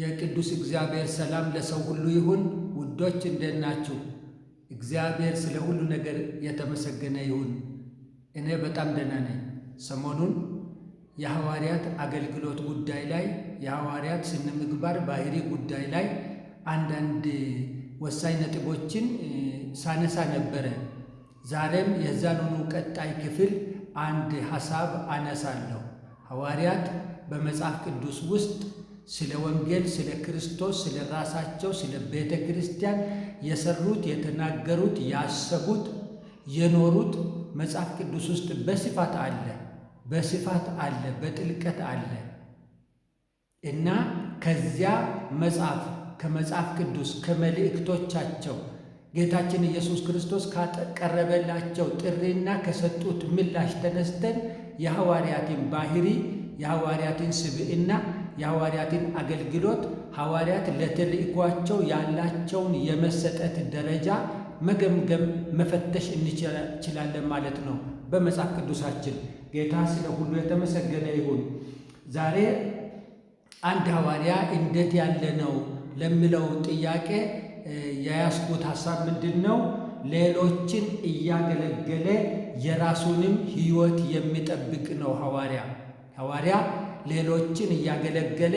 የቅዱስ እግዚአብሔር ሰላም ለሰው ሁሉ ይሁን። ውዶች እንዴት ናችሁ? እግዚአብሔር ስለ ሁሉ ነገር የተመሰገነ ይሁን። እኔ በጣም ደህና ነኝ። ሰሞኑን የሐዋርያት አገልግሎት ጉዳይ ላይ የሐዋርያት ስነ ምግባር ባህሪ ጉዳይ ላይ አንዳንድ ወሳኝ ነጥቦችን ሳነሳ ነበረ። ዛሬም የዛኑኑ ቀጣይ ክፍል አንድ ሐሳብ አነሳለሁ። ሐዋርያት በመጽሐፍ ቅዱስ ውስጥ ስለ ወንጌል፣ ስለ ክርስቶስ፣ ስለ ራሳቸው፣ ስለ ቤተ ክርስቲያን የሰሩት፣ የተናገሩት፣ ያሰቡት፣ የኖሩት መጽሐፍ ቅዱስ ውስጥ በስፋት አለ፣ በስፋት አለ፣ በጥልቀት አለ እና ከዚያ መጽሐፍ ከመጽሐፍ ቅዱስ ከመልእክቶቻቸው ጌታችን ኢየሱስ ክርስቶስ ካቀረበላቸው ጥሪና ከሰጡት ምላሽ ተነስተን የሐዋርያትን ባህሪ የሐዋርያትን ስብዕና የሐዋርያትን አገልግሎት ሐዋርያት ለተልእኳቸው ያላቸውን የመሰጠት ደረጃ መገምገም፣ መፈተሽ እንችላለን ማለት ነው በመጽሐፍ ቅዱሳችን። ጌታ ስለ ሁሉ የተመሰገነ ይሁን። ዛሬ አንድ ሐዋርያ እንዴት ያለ ነው ለሚለው ጥያቄ የያዝኩት ሐሳብ ምንድን ነው? ሌሎችን እያገለገለ የራሱንም ሕይወት የሚጠብቅ ነው ሐዋርያ ሐዋርያ ሌሎችን እያገለገለ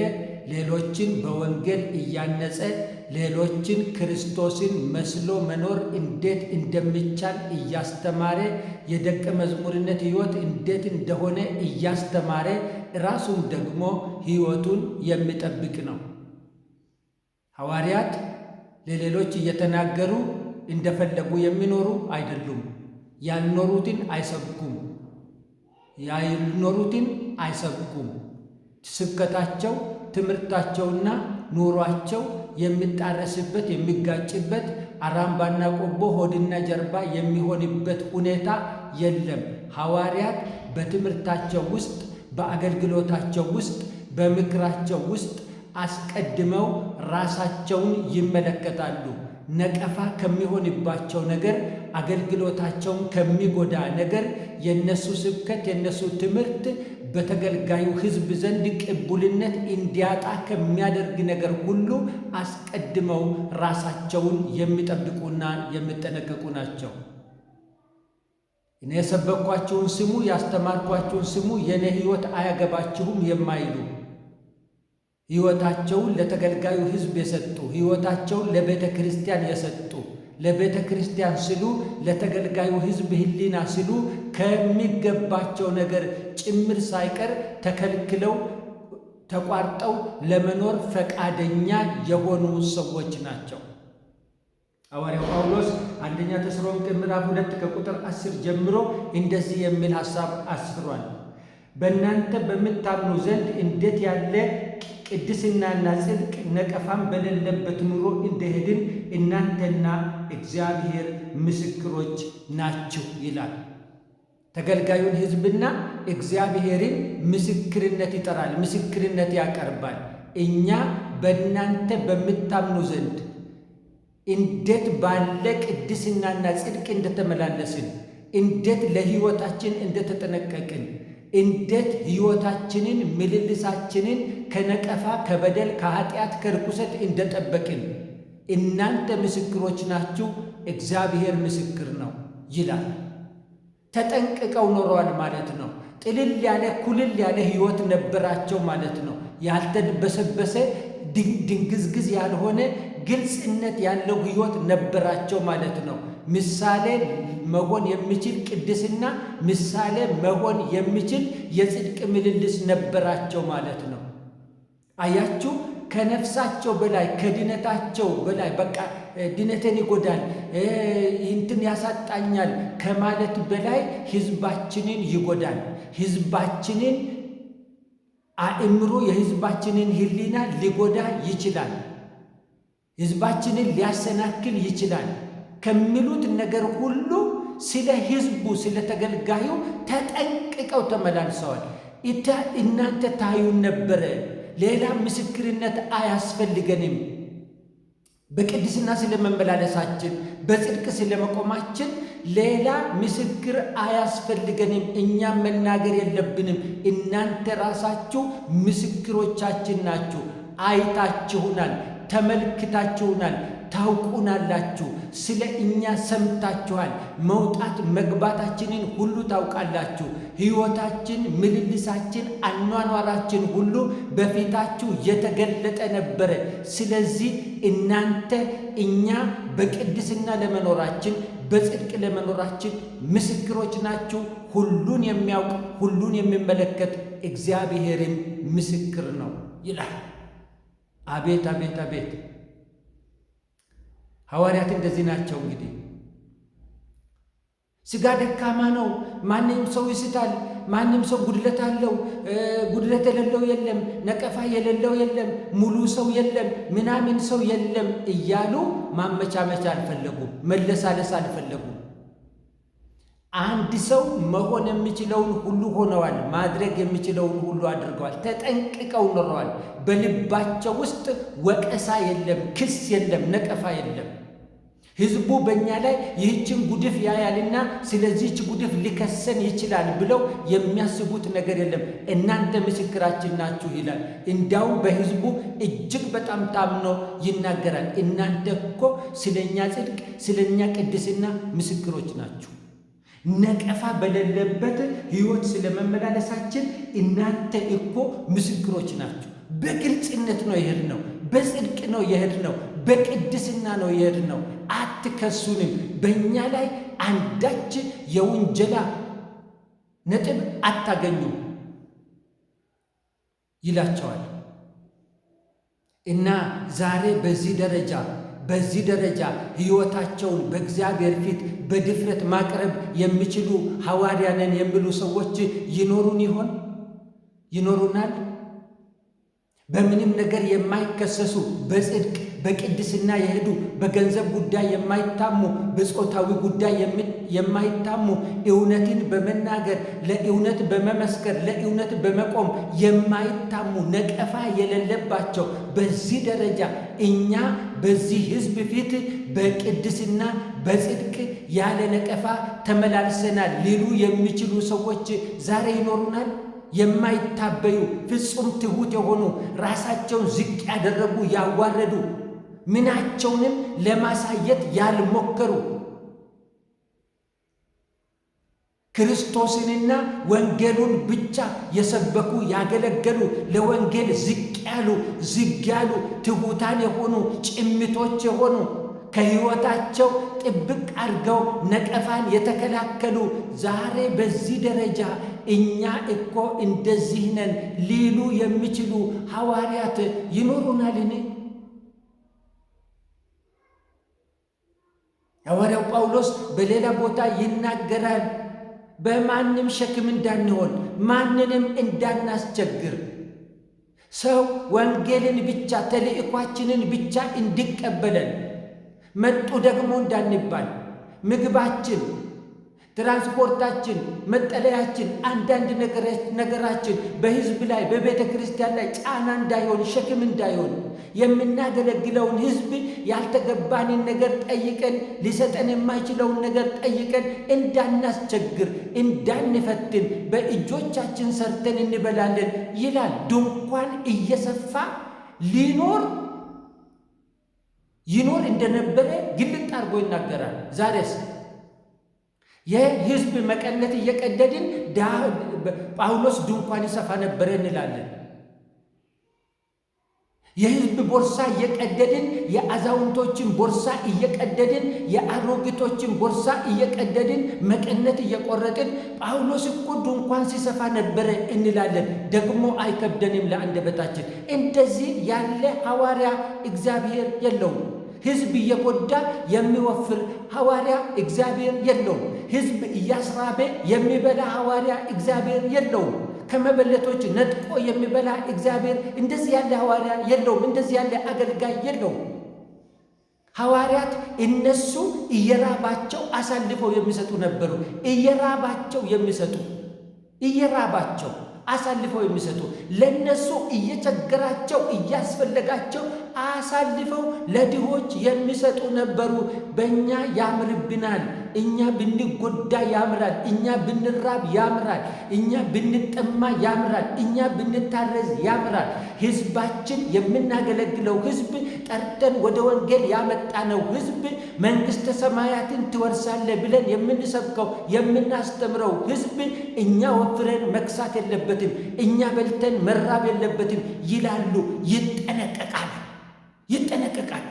ሌሎችን በወንጌል እያነጸ ሌሎችን ክርስቶስን መስሎ መኖር እንዴት እንደሚቻል እያስተማረ የደቀ መዝሙርነት ሕይወት እንዴት እንደሆነ እያስተማረ ራሱም ደግሞ ሕይወቱን የሚጠብቅ ነው። ሐዋርያት ለሌሎች እየተናገሩ እንደፈለጉ የሚኖሩ አይደሉም። ያልኖሩትን አይሰብኩም። ያልኖሩትን አይሰብኩም። ስብከታቸው ትምህርታቸውና ኑሯቸው የሚጣረስበት የሚጋጭበት አራምባና ቆቦ ሆድና ጀርባ የሚሆንበት ሁኔታ የለም። ሐዋርያት በትምህርታቸው ውስጥ በአገልግሎታቸው ውስጥ በምክራቸው ውስጥ አስቀድመው ራሳቸውን ይመለከታሉ። ነቀፋ ከሚሆንባቸው ነገር፣ አገልግሎታቸውን ከሚጎዳ ነገር የነሱ ስብከት የነሱ ትምህርት በተገልጋዩ ሕዝብ ዘንድ ቅቡልነት እንዲያጣ ከሚያደርግ ነገር ሁሉ አስቀድመው ራሳቸውን የሚጠብቁና የሚጠነቀቁ ናቸው። እኔ የሰበኳቸውን ስሙ፣ ያስተማርኳቸውን ስሙ፣ የእኔ ሕይወት አያገባችሁም የማይሉ ሕይወታቸውን ለተገልጋዩ ሕዝብ የሰጡ ሕይወታቸውን ለቤተ ክርስቲያን የሰጡ ለቤተ ክርስቲያን ስሉ ለተገልጋዩ ሕዝብ ሕሊና ስሉ ከሚገባቸው ነገር ጭምር ሳይቀር ተከልክለው ተቋርጠው ለመኖር ፈቃደኛ የሆኑ ሰዎች ናቸው። ሐዋርያው ጳውሎስ አንደኛ ተሰሎንቄ ምዕራፍ ሁለት ከቁጥር አስር ጀምሮ እንደዚህ የሚል ሐሳብ አስፍሯል። በእናንተ በምታምኑ ዘንድ እንዴት ያለ ቅድስናና ጽድቅ ነቀፋም በሌለበት ኑሮ እንደሄድን እናንተና እግዚአብሔር ምስክሮች ናችሁ ይላል። ተገልጋዩን ሕዝብና እግዚአብሔርን ምስክርነት ይጠራል፣ ምስክርነት ያቀርባል። እኛ በእናንተ በምታምኑ ዘንድ እንዴት ባለ ቅድስናና ጽድቅ እንደተመላለስን፣ እንዴት ለሕይወታችን እንደተጠነቀቅን እንዴት ሕይወታችንን ምልልሳችንን ከነቀፋ ከበደል ከኃጢአት ከርኩሰት እንደጠበቅን እናንተ ምስክሮች ናችሁ፣ እግዚአብሔር ምስክር ነው ይላል። ተጠንቅቀው ኖረዋል ማለት ነው። ጥልል ያለ ኩልል ያለ ሕይወት ነበራቸው ማለት ነው። ያልተበሰበሰ ድንግዝግዝ ያልሆነ ግልጽነት ያለው ሕይወት ነበራቸው ማለት ነው። ምሳሌ መሆን የሚችል ቅድስና፣ ምሳሌ መሆን የሚችል የጽድቅ ምልልስ ነበራቸው ማለት ነው። አያችሁ፣ ከነፍሳቸው በላይ ከድነታቸው በላይ በቃ ድነትን ይጎዳል እንትን ያሳጣኛል ከማለት በላይ ህዝባችንን ይጎዳል። ህዝባችንን አእምሮ የህዝባችንን ህሊና ሊጎዳ ይችላል። ህዝባችንን ሊያሰናክል ይችላል። ከሚሉት ነገር ሁሉ ስለ ህዝቡ፣ ስለ ተገልጋዩ ተጠንቅቀው ተመላልሰዋል። እናንተ ታዩን ነበረ፣ ሌላ ምስክርነት አያስፈልገንም። በቅድስና ስለመመላለሳችን በጽድቅ ስለመቆማችን ሌላ ምስክር አያስፈልገንም። እኛ መናገር የለብንም። እናንተ ራሳችሁ ምስክሮቻችን ናችሁ። አይታችሁናል፣ ተመልክታችሁናል። ታውቁናላችሁ፣ ስለ እኛ ሰምታችኋል፣ መውጣት መግባታችንን ሁሉ ታውቃላችሁ። ሕይወታችን፣ ምልልሳችን፣ አኗኗራችን ሁሉ በፊታችሁ የተገለጠ ነበረ። ስለዚህ እናንተ እኛ በቅድስና ለመኖራችን በጽድቅ ለመኖራችን ምስክሮች ናችሁ። ሁሉን የሚያውቅ ሁሉን የሚመለከት እግዚአብሔርም ምስክር ነው ይላል። አቤት አቤት አቤት! ሐዋርያት እንደዚህ ናቸው። እንግዲህ ሥጋ ደካማ ነው። ማንም ሰው ይስታል። ማንም ሰው ጉድለት አለው። ጉድለት የሌለው የለም፣ ነቀፋ የሌለው የለም፣ ሙሉ ሰው የለም፣ ምናምን ሰው የለም እያሉ ማመቻመቻ አልፈለጉም፣ መለሳለስ አልፈለጉም። አንድ ሰው መሆን የሚችለውን ሁሉ ሆነዋል። ማድረግ የሚችለውን ሁሉ አድርገዋል። ተጠንቅቀው ኖረዋል። በልባቸው ውስጥ ወቀሳ የለም፣ ክስ የለም፣ ነቀፋ የለም። ህዝቡ በእኛ ላይ ይህችን ጉድፍ ያያልና ስለዚህች ጉድፍ ሊከሰን ይችላል ብለው የሚያስቡት ነገር የለም። እናንተ ምስክራችን ናችሁ ይላል። እንዲያውም በህዝቡ እጅግ በጣም ታምኖ ይናገራል። እናንተ እኮ ስለኛ ጽድቅ፣ ስለኛ ቅድስና ምስክሮች ናችሁ። ነቀፋ በሌለበት ህይወት ስለመመላለሳችን እናንተ እኮ ምስክሮች ናችሁ። በግልጽነት ነው የሄድ ነው። በጽድቅ ነው የሄድ ነው። በቅድስና ነው የሄድነው። አትከሱንም፣ በእኛ ላይ አንዳች የውንጀላ ነጥብ አታገኙ ይላቸዋል። እና ዛሬ በዚህ ደረጃ በዚህ ደረጃ ሕይወታቸውን በእግዚአብሔር ፊት በድፍረት ማቅረብ የሚችሉ ሐዋርያ ነን የሚሉ ሰዎች ይኖሩን ይሆን? ይኖሩናል? በምንም ነገር የማይከሰሱ በጽድቅ በቅድስና የሄዱ በገንዘብ ጉዳይ የማይታሙ በጾታዊ ጉዳይ የማይታሙ እውነትን በመናገር ለእውነት በመመስከር ለእውነት በመቆም የማይታሙ ነቀፋ የሌለባቸው በዚህ ደረጃ እኛ በዚህ ሕዝብ ፊት በቅድስና በጽድቅ ያለ ነቀፋ ተመላልሰናል ሊሉ የሚችሉ ሰዎች ዛሬ ይኖሩናል? የማይታበዩ ፍጹም ትሑት የሆኑ ራሳቸውን ዝቅ ያደረጉ ያዋረዱ ምናቸውንም ለማሳየት ያልሞከሩ ክርስቶስንና ወንጌሉን ብቻ የሰበኩ ያገለገሉ፣ ለወንጌል ዝቅ ያሉ ዝግ ያሉ ትሑታን የሆኑ ጭምቶች የሆኑ ከሕይወታቸው ጥብቅ አድርገው ነቀፋን የተከላከሉ ዛሬ በዚህ ደረጃ እኛ እኮ እንደዚህ ነን ሊሉ የሚችሉ ሐዋርያት ይኖሩናልን? ሐዋርያው ጳውሎስ በሌላ ቦታ ይናገራል። በማንም ሸክም እንዳንሆን፣ ማንንም እንዳናስቸግር፣ ሰው ወንጌልን ብቻ ተልእኳችንን ብቻ እንዲቀበለን መጡ ደግሞ እንዳንባል ምግባችን ትራንስፖርታችን፣ መጠለያችን፣ አንዳንድ ነገራችን በህዝብ ላይ በቤተ ክርስቲያን ላይ ጫና እንዳይሆን ሸክም እንዳይሆን የምናገለግለውን ህዝብ ያልተገባንን ነገር ጠይቀን ሊሰጠን የማይችለውን ነገር ጠይቀን እንዳናስቸግር እንዳንፈትን በእጆቻችን ሰርተን እንበላለን ይላል። ድንኳን እየሰፋ ሊኖር ይኖር እንደነበረ ግልጥ አድርጎ ይናገራል። ዛሬስ የህዝብ መቀነት እየቀደድን ጳውሎስ ድንኳን ይሰፋ ነበረ እንላለን። የህዝብ ቦርሳ እየቀደድን የአዛውንቶችን ቦርሳ እየቀደድን የአሮጊቶችን ቦርሳ እየቀደድን መቀነት እየቆረጥን ጳውሎስ እኮ ድንኳን ሲሰፋ ነበረ እንላለን። ደግሞ አይከብደንም ለአንደበታችን። እንደዚህ ያለ ሐዋርያ እግዚአብሔር የለውም። ህዝብ እየጎዳ የሚወፍር ሐዋርያ እግዚአብሔር የለውም። ህዝብ እያስራበ የሚበላ ሐዋርያ እግዚአብሔር የለውም። ከመበለቶች ነጥቆ የሚበላ እግዚአብሔር እንደዚህ ያለ ሐዋርያ የለውም። እንደዚህ ያለ አገልጋይ የለውም። ሐዋርያት እነሱ እየራባቸው አሳልፈው የሚሰጡ ነበሩ። እየራባቸው የሚሰጡ እየራባቸው አሳልፈው የሚሰጡ ለነሱ እየቸገራቸው እያስፈለጋቸው አሳልፈው ለድሆች የሚሰጡ ነበሩ። በእኛ ያምርብናል እኛ ብንጎዳ ያምራል፣ እኛ ብንራብ ያምራል፣ እኛ ብንጠማ ያምራል፣ እኛ ብንታረዝ ያምራል። ህዝባችን የምናገለግለው ህዝብ ጠርተን ወደ ወንጌል ያመጣነው ህዝብ መንግስተ ሰማያትን ትወርሳለህ ብለን የምንሰብከው የምናስተምረው ህዝብ እኛ ወፍረን መክሳት የለበትም፣ እኛ በልተን መራብ የለበትም ይላሉ። ይጠነቀቃል፣ ይጠነቀቃል።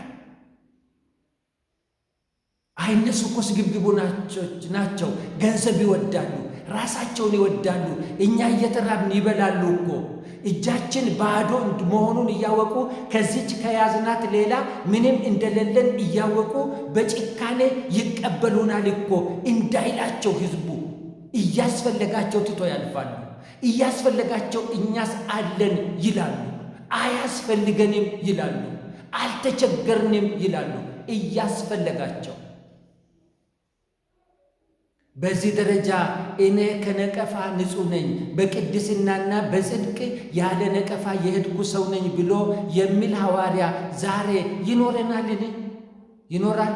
አይ እነሱ እኮ ስግብግቡ ናቸው፣ ገንዘብ ይወዳሉ፣ ራሳቸውን ይወዳሉ፣ እኛ እየተራብን ይበላሉ እኮ እጃችን ባዶ መሆኑን እያወቁ ከዚች ከያዝናት ሌላ ምንም እንደሌለን እያወቁ በጭካኔ ይቀበሉናል እኮ እንዳይላቸው ህዝቡ እያስፈለጋቸው ትቶ ያልፋሉ። እያስፈለጋቸው እኛስ አለን ይላሉ። አያስፈልገንም ይላሉ። አልተቸገርንም ይላሉ። እያስፈለጋቸው በዚህ ደረጃ እኔ ከነቀፋ ንጹሕ ነኝ፣ በቅድስናና በጽድቅ ያለ ነቀፋ የሄድኩ ሰው ነኝ ብሎ የሚል ሐዋርያ ዛሬ ይኖረናልን? ይኖራል።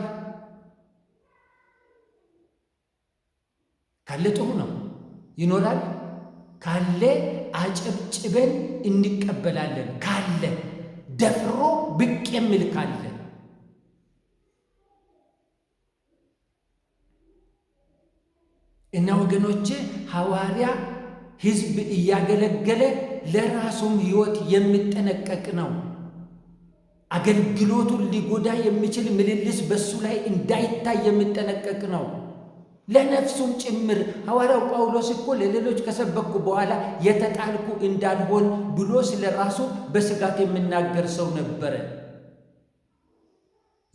ካለ ጥሩ ነው። ይኖራል ካለ አጨብጭበን እንቀበላለን። ካለ ደፍሮ ብቅ የሚል ካለ እና ወገኖቼ ሐዋርያ ሕዝብ እያገለገለ ለራሱም ሕይወት የሚጠነቀቅ ነው። አገልግሎቱን ሊጎዳ የሚችል ምልልስ በሱ ላይ እንዳይታይ የሚጠነቀቅ ነው። ለነፍሱም ጭምር ሐዋርያው ጳውሎስ እኮ ለሌሎች ከሰበኩ በኋላ የተጣልኩ እንዳልሆን ብሎ ስለ ራሱ በስጋት የሚናገር ሰው ነበረ።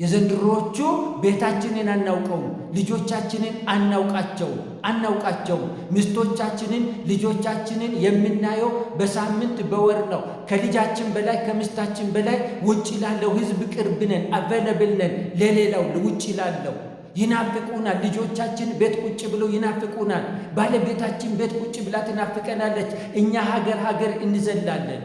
የዘንድሮቹ ቤታችንን አናውቀው፣ ልጆቻችንን አናውቃቸው አናውቃቸው። ሚስቶቻችንን ልጆቻችንን የምናየው በሳምንት በወር ነው። ከልጃችን በላይ ከሚስታችን በላይ ውጭ ላለው ህዝብ ቅርብ ነን፣ አቬለብል ነን። ለሌላው ውጭ ላለው ይናፍቁናል። ልጆቻችን ቤት ቁጭ ብለው ይናፍቁናል። ባለቤታችን ቤት ቁጭ ብላ ትናፍቀናለች። እኛ ሀገር ሀገር እንዘላለን።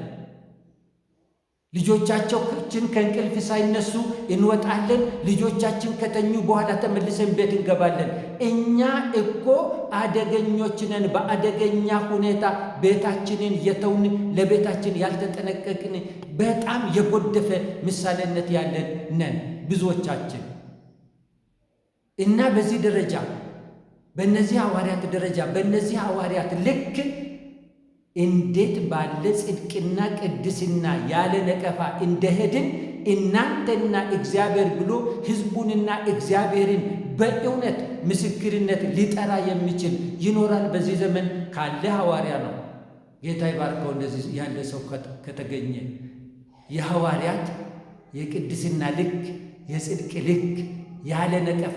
ልጆቻቸው ከችን ከእንቅልፍ ሳይነሱ እንወጣለን። ልጆቻችን ከተኙ በኋላ ተመልሰን ቤት እንገባለን። እኛ እኮ አደገኞች ነን። በአደገኛ ሁኔታ ቤታችንን የተውን ለቤታችን ያልተጠነቀቅን በጣም የጎደፈ ምሳሌነት ያለን ነን ብዙዎቻችን እና በዚህ ደረጃ በእነዚህ ሐዋርያት ደረጃ በእነዚህ ሐዋርያት ልክ እንዴት ባለ ጽድቅና ቅድስና ያለ ነቀፋ እንደሄድን እናንተና እግዚአብሔር ብሎ ሕዝቡንና እግዚአብሔርን በእውነት ምስክርነት ሊጠራ የሚችል ይኖራል በዚህ ዘመን ካለ ሐዋርያ ነው። ጌታ ይባርከው። እንደዚህ ያለ ሰው ከተገኘ የሐዋርያት የቅድስና ልክ፣ የጽድቅ ልክ፣ ያለ ነቀፋ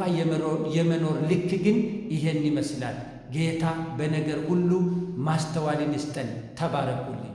የመኖር ልክ ግን ይሄን ይመስላል። ጌታ በነገር ሁሉ ማስተዋልን ይስጠን። ተባረኩልን።